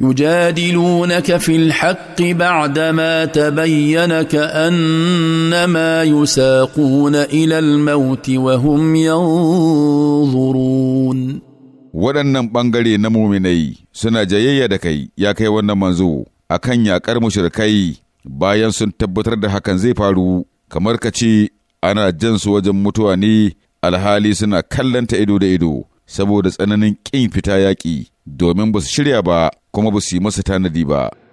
يجادلونك في الحق بعدما تبين كانما يساقون الى الموت وهم ينظرون waɗannan ɓangare na muminai suna jayayya da kai ya kai wannan manzo a kan yaƙar mushrikai bayan sun tabbatar da hakan zai faru kamar ka ce ana jan su wajen mutuwa ne alhali suna kallanta ido da ido saboda tsananin ƙin fita yaƙi domin ba su shirya ba kuma ba su yi masa tanadi ba